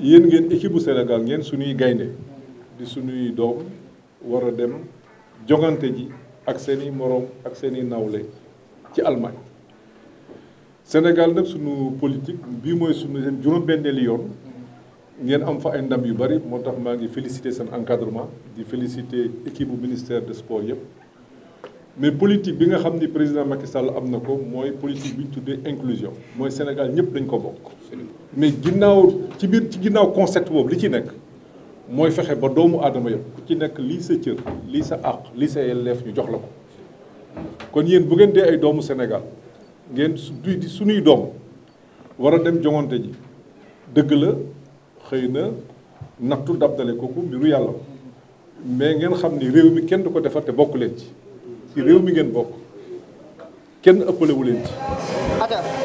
yéen ngeen équipe bu Sénégal ngeen suñuy gaynde di sunuy doom wara a dem jogante ji ak seeni moroom ak seeni nawle ci Allemagne Sénégal nag suñu politique bii mooy suñu juróom-benneeli yoon ngeen am fa ay ndam yu bari moo tax maa ngi féliciter seen encadrement di féliciter équipe bu ministère de sport yëpp mais politique bi nga xam ni président Macky Sall am na ko mooy politique bi ñu tuddee inclusion mooy Sénégal ñëpp dañ ko bokk. mais ginnaaw ci biir ci ginnaaw concept boobu li ci nekk mooy fexe ba doomu aadama yëpp ku ci nekk lii sa cër lii sa àq lii sa yelleef ñu jox la ko kon yéen bu ngeen dee ay doomu Sénégal ngeen su di suñuy doom war a dem joŋante ji dëgg la. xëy na nattu dab dale kooku mbiru yàlla mais ngeen xam ni réew mi kenn du ko defar te bokk leen ci ci réew mi ngeen bokk kenn ëppalewu leen ci